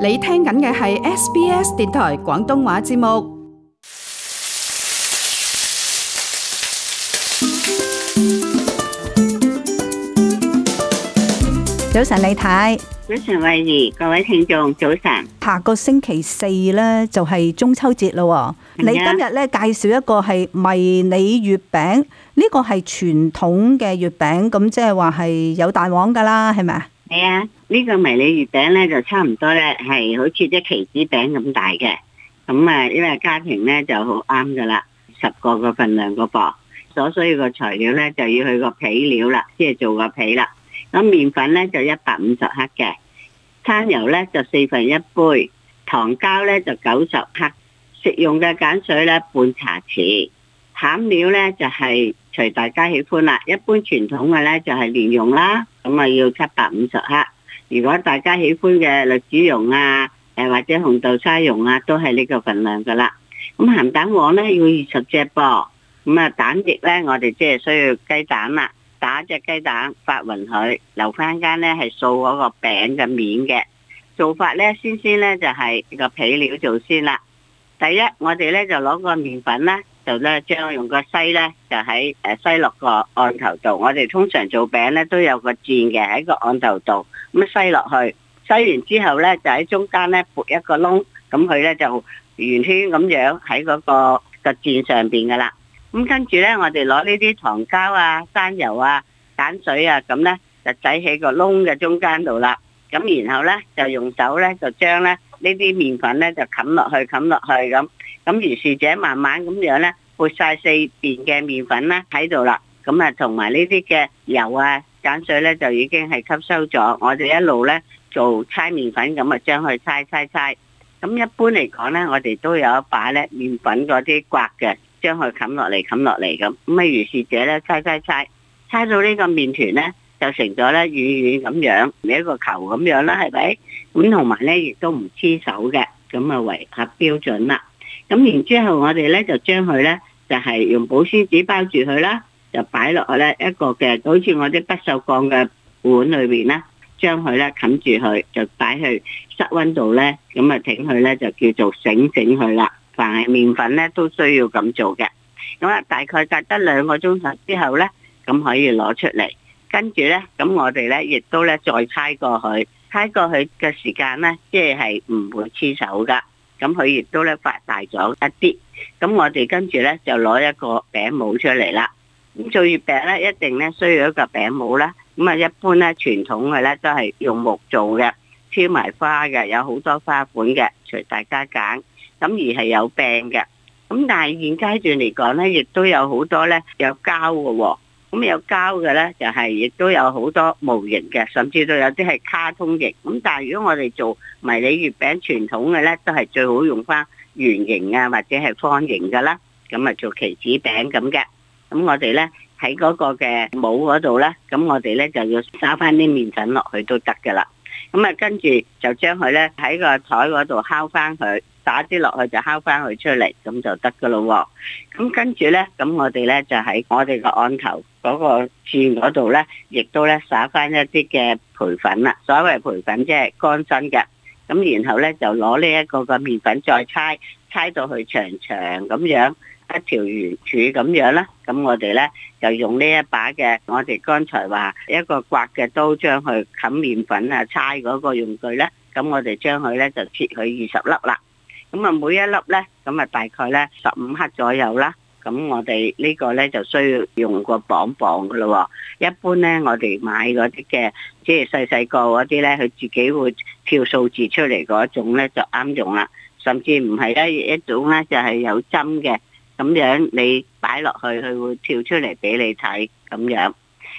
你聽緊嘅係 SBS 電台廣東話節目。早晨李太，早晨惠儀，各位聽眾，早晨。下個星期四呢就係中秋節咯。你今日呢介紹一個係迷你月餅，呢個係傳統嘅月餅，咁即係話係有蛋黃噶啦，係咪啊？係啊。個呢個迷你月餅咧就差唔多咧，係好似隻棋子餅咁大嘅。咁啊，因為家庭咧就好啱噶啦，十個個份量個噃。所需要個材料咧就要去個皮料啦，即係做個皮啦。咁麵粉咧就一百五十克嘅，餐油咧就四份一杯，糖膠咧就九十克，食用嘅鹼水咧半茶匙，餡料咧就係、是、隨大家喜歡啦。一般傳統嘅咧就係、是、蓮蓉啦，咁啊要七百五十克。如果大家喜歡嘅栗子蓉啊，誒或者紅豆沙蓉啊，都係呢個份量噶啦。咁鹹蛋黃咧要二十隻噃。咁啊蛋液咧，我哋即係需要雞蛋啦，打一隻雞蛋發勻佢，留翻間咧係掃嗰個餅嘅面嘅做法咧，先先咧就係、是、個皮料做先啦。第一，我哋咧就攞個麵粉啦。就咧，將用個篩咧，就喺誒篩落個案頭度。我哋通常做餅咧都有個墊嘅，喺個案頭度咁篩落去，篩完之後咧就喺中間咧撥一個窿，咁佢咧就圓圈咁樣喺嗰、那個個墊上邊噶啦。咁跟住咧，我哋攞呢啲糖膠啊、山油啊、鹼水啊，咁咧就擠喺個窿嘅中間度啦。咁然後咧就用手咧就將咧呢啲麵粉咧就冚落去、冚落去咁。咁如是者慢慢咁樣呢，撥晒四邊嘅麵粉呢喺度啦，咁啊同埋呢啲嘅油啊、鹼水呢，就已經係吸收咗。我哋一路呢，做搓麵粉，咁啊將佢搓搓搓。咁一般嚟講呢，我哋都有一把咧麵粉嗰啲刮嘅，將佢冚落嚟冚落嚟咁。咁啊如是者呢搓搓搓，搓到呢個麵團呢，就成咗呢軟軟咁樣，一個球咁樣啦，係咪？咁同埋呢，亦都唔黐手嘅，咁啊為合標準啦。咁然之後，我哋咧就將佢咧就係用保鮮紙包住佢啦，就擺落去咧一個嘅好似我啲不鏽鋼嘅碗裏邊啦，將佢咧冚住佢，就擺去室溫度咧，咁啊整佢咧就叫做醒醒佢啦。凡係麵粉咧都需要咁做嘅。咁啊，大概隔得兩個鐘頭之後咧，咁可以攞出嚟。跟住咧，咁我哋咧亦都咧再猜過去，猜過去嘅時間咧，即係唔會黐手噶。咁佢亦都咧發大咗一啲，咁我哋跟住咧就攞一個餅帽出嚟啦。咁做月餅咧，一定咧需要一個餅帽啦。咁啊，一般咧傳統嘅咧都係用木做嘅，挑埋花嘅，有好多花款嘅，隨大家揀。咁而係有柄嘅，咁但係現階段嚟講咧，亦都有好多咧有膠嘅喎。咁有膠嘅咧，就係、是、亦都有好多模型嘅，甚至都有啲係卡通型。咁但係如果我哋做迷你月餅傳統嘅咧，都係最好用翻圓形啊，或者係方形噶啦。咁啊做棋子餅咁嘅。咁我哋咧喺嗰個嘅模嗰度咧，咁我哋咧就要揸翻啲麵粉落去都得噶啦。咁啊跟住就將佢咧喺個台嗰度敲翻佢，打啲落去就敲翻佢出嚟，咁就得噶咯喎。咁跟住咧，咁我哋咧就喺我哋個案頭，嗰個線嗰度呢，亦都呢撒返一啲嘅培粉啦。所謂培粉即係乾身嘅，咁然後呢，就攞呢一個個麵粉再猜猜到佢長長咁樣一條圓柱咁樣啦。咁我哋呢，就用呢一把嘅我哋剛才話一個刮嘅刀將佢冚麵粉啊猜嗰個用具呢。咁我哋將佢呢，就切佢二十粒啦。咁啊每一粒呢，咁啊大概呢十五克左右啦。咁我哋呢個呢就需要用個磅磅嘅咯喎，一般呢，我哋買嗰啲嘅，即係細細個嗰啲呢，佢自己會跳數字出嚟嗰一,一種呢就啱用啦，甚至唔係一一種呢就係有針嘅，咁樣你擺落去佢會跳出嚟俾你睇咁樣，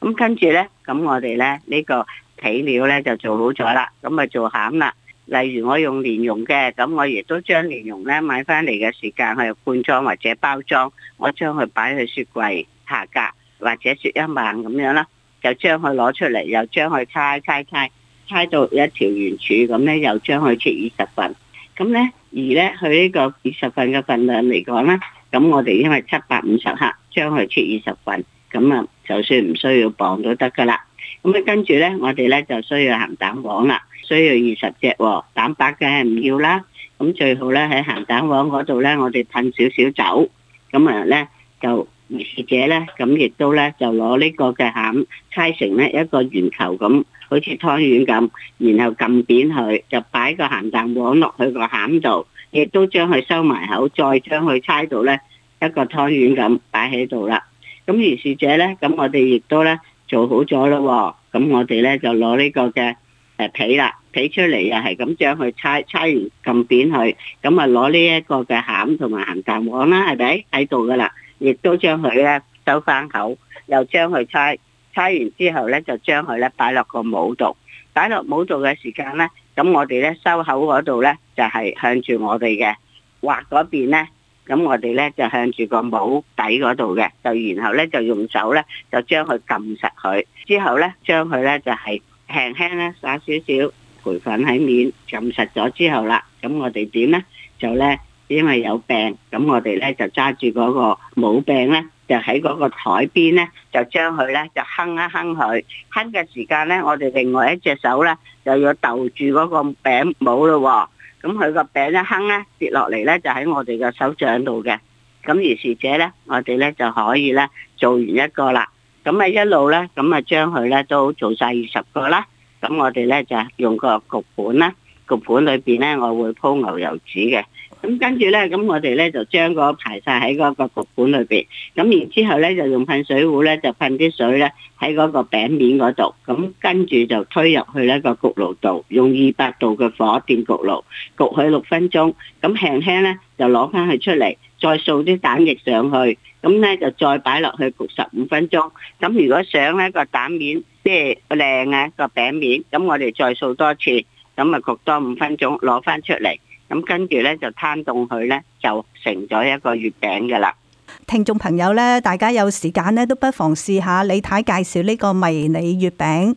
咁跟住呢，咁我哋呢，呢、呢個皮料呢，就做好咗啦，咁咪做餡啦。例如我用蓮蓉嘅，咁我亦都將蓮蓉咧買翻嚟嘅時間去罐裝或者包裝，我將佢擺喺雪櫃下格或者雪一晚咁樣啦，就將佢攞出嚟，又將佢猜猜猜猜到一條圓柱咁咧，又將佢切二十份。咁咧，而咧佢呢個二十份嘅份量嚟講咧，咁我哋因為七百五十克，將佢切二十份，咁啊就算唔需要磅都得噶啦。咁啊跟住咧，我哋咧就需要鹹蛋黃啦。需要二十隻蛋白梗係唔要啦。咁最好咧喺鹹蛋黃嗰度咧，我哋噴少少酒。咁啊咧，就如是者咧，咁亦都咧就攞呢個嘅餡，猜成咧一個圓球咁，好似湯圓咁，然後撳扁佢，就擺個鹹蛋黃落去個餡度，亦都將佢收埋口，再將佢猜到咧一個湯圓咁擺喺度啦。咁如是者咧，咁我哋亦都咧做好咗咯、哦。咁我哋咧就攞呢個嘅。誒皮啦，皮出嚟又係咁將佢搓，搓完撳扁佢，咁啊攞呢一個嘅餡同埋鹹蛋黃啦，係咪喺度噶啦？亦都將佢咧收翻口，又將佢搓，搓完之後咧就將佢咧擺落個帽度，擺落帽度嘅時間咧，咁我哋咧收口嗰度咧就係向住我哋嘅畫嗰邊咧，咁我哋咧就向住個帽底嗰度嘅，就然後咧就用手咧就將佢撳實佢，之後咧將佢咧就係。輕輕咧灑少少培粉，喺面浸實咗之後啦，咁我哋點咧就咧，因為有病，咁我哋咧就揸住嗰個模餅咧，就喺嗰個台邊咧，就將佢咧就坑一坑佢。坑嘅時間咧，我哋另外一隻手咧，就要兜住嗰個餅模咯。咁佢個餅一坑咧，跌落嚟咧，就喺我哋嘅手掌度嘅。咁於是者咧，我哋咧就可以咧做完一個啦。咁啊一路咧，咁啊將佢咧都做晒二十個啦。咁我哋咧就用個焗盤啦，焗盤裏邊咧我會鋪牛油紙嘅。咁跟住咧，咁我哋咧就將個排晒喺嗰個焗盤裏邊。咁然之後咧，就用噴水壺咧就噴啲水咧喺嗰個餅面嗰度。咁跟住就推入去呢個焗爐度，用二百度嘅火電焗爐焗佢六分鐘。咁輕輕咧就攞翻佢出嚟，再掃啲蛋液上去。咁咧就再擺落去焗十五分鐘。咁如果想咧個蛋面即係靚啊個餅面，咁我哋再掃多次，咁啊焗多五分鐘，攞翻出嚟。咁跟住咧就攤凍佢咧，就成咗一個月餅㗎喇。聽眾朋友咧，大家有時間咧，都不妨試下李太介紹呢個迷你月餅。